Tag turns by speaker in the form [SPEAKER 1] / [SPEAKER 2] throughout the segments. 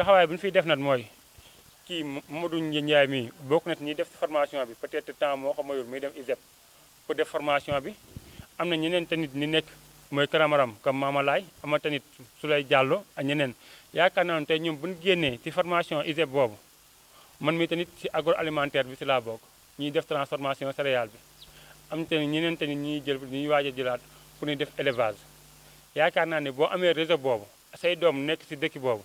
[SPEAKER 1] taxawaay bi ñu fiy def nag mooy kii Modou Ndiaye mi bokk na ñi def formation bi peut-être temps moo ko mayul muy dem ISEP pour def formation bi am na ñeneen tanit ni nekk mooy karamaram comme Mamalaay am na tamit Souley Diallo ak ñeneen yaakaar naa ne tey ñoom bu ñu génnee ci formation ISEP boobu man mi tamit ci alimentaire bi si laa bokk ñuy def transformation céréale bi am te ñeneen tamit ñuy jël ñuy waaj a pour ñu def élevage yaakaar naa ne boo amee réseau boobu say doom nekk ci dëkk boobu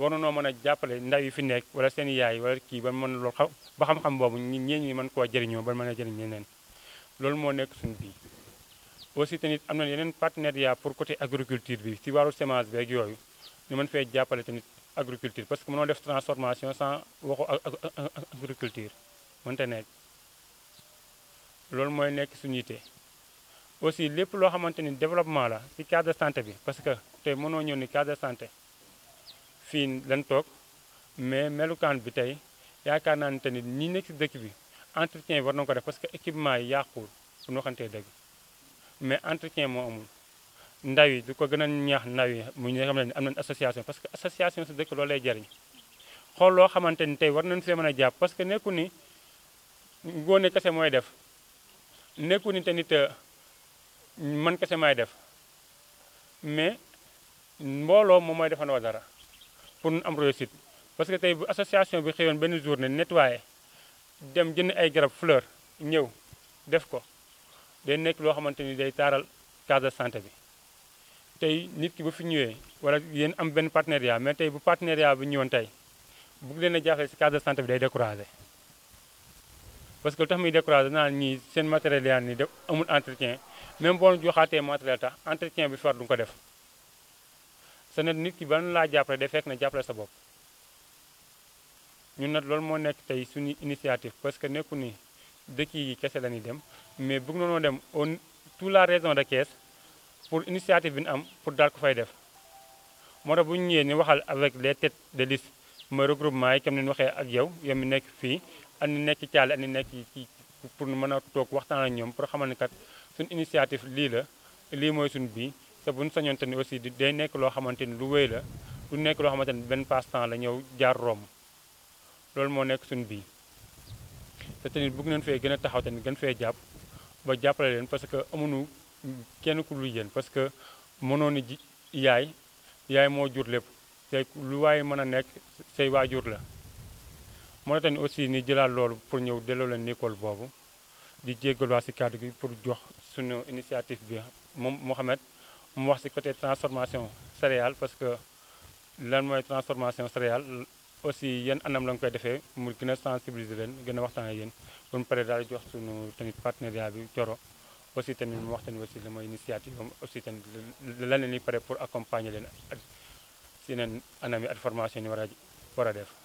[SPEAKER 1] waroon noo mën a jàppale ndaw yi fi nekk wala seen yaay wala kii ba mën loolu xaw ba xam-xam boobu ñeen ñi mën koo jëriñoo ba mën a jëriñ ñeneen loolu moo nekk suñu bii aussi tamit am na yeneen partenariat pour côté agriculture bi si wàllu semence beeg yooyu ñu mën fee jàppale tamit agriculture parce que mënoo def transformation sans waxu agriculture mënta nekk loolu mooy nekk suñu yite aussi lépp loo xamante ni développement la si cadre de santé bi parce que tey mënoo ñëw ni cadre de santé fii lan toog mais melukaan bi tey yaakaar naa ne te nit ñi nekk si dëkk bi entretien war na ko def parce que équipement yi yàquwul suñu waxantee dëgg mais entretien moo amul ndaw yi du ko gën a ñaax ndaw yi mu ñu xam ne am nañ association parce que association sa dëkk loolu xool loo xamante ni tey war nañ see mën a jàpp parce que nekku ni góone kese mooy def nekku ni te nit euh, man kese maay def mais mbooloo moom mooy defandoo dara pour ñu am réussite parce que tey bu association bi xëyoon benn journée nettoyé dem jënd ay garab fleur ñëw def ko day nekk loo xamante ni day taaral case de santé bi tey nit ki bu fi ñëwee wala yéen am benn partenariat mais tey bu partenariat bi ñëwoon tey bu leen a jaaxle si case de santé bi day découragé parce que tax muy découragé naan ñii seen matériel yaa ni def amul entretien même boo joxaatee matériel tax entretien bi far du ko def sa net nit ki ban laa jàppale day fekk na jàppale sa bopp ñun nag loolu moo nekk tey suñu initiative parce que nekku ni dëkk yi kese lañuy dem mais bëgg na noo dem au tout la région de Thiès pour initiative bi nu am pour daal ko fay def moo tax bu ñu ñëwee ñu waxal avec les têtes de liste mooy regroupement yi comme ni ñu waxee ak yow yow mi nekk fii ak ni nekk caale ak ni nekk ci pour nu mën a toog waxtaan ak ñoom pour xamal ne kat suñu initiative lii la lii mooy suñu bii te bu ñu sañoon te ni aussi day nekk loo xamante ni lu wéy la du nekk loo xamante ni benn passe-temps la ñëw jaar romb loolu moo nekk suñu bii te tamit bëgg neen fee gën a taxaw tamit gën fee jàpp ba jàppale leen parce que amuñu kenn ku lu yéen parce que mënoon ni ji yaay yaay moo jur lépp te lu waaye mën a nekk say waajur la moo tax aussi ni jëlaat loolu pour ñëw delloo leen école boobu di jéggaluwaat si kàddu gi pour jox suñu initiative bi moom Mouhamed mu wax ci côté transformation céréale parce que lan mooy transformation céréale aussi yan anam la nga koy defee mu gën a sensibiliser leen gën a waxtaan ak yéen pour mu pare daal jox suñu tamit partenariat bi Thioro aussi tamit mu wax tamit aussi la mooy initiative aussi tamit lan la ñuy pare pour accompagner leen si yeneen anam yi ak formation yi ñu war a war a def.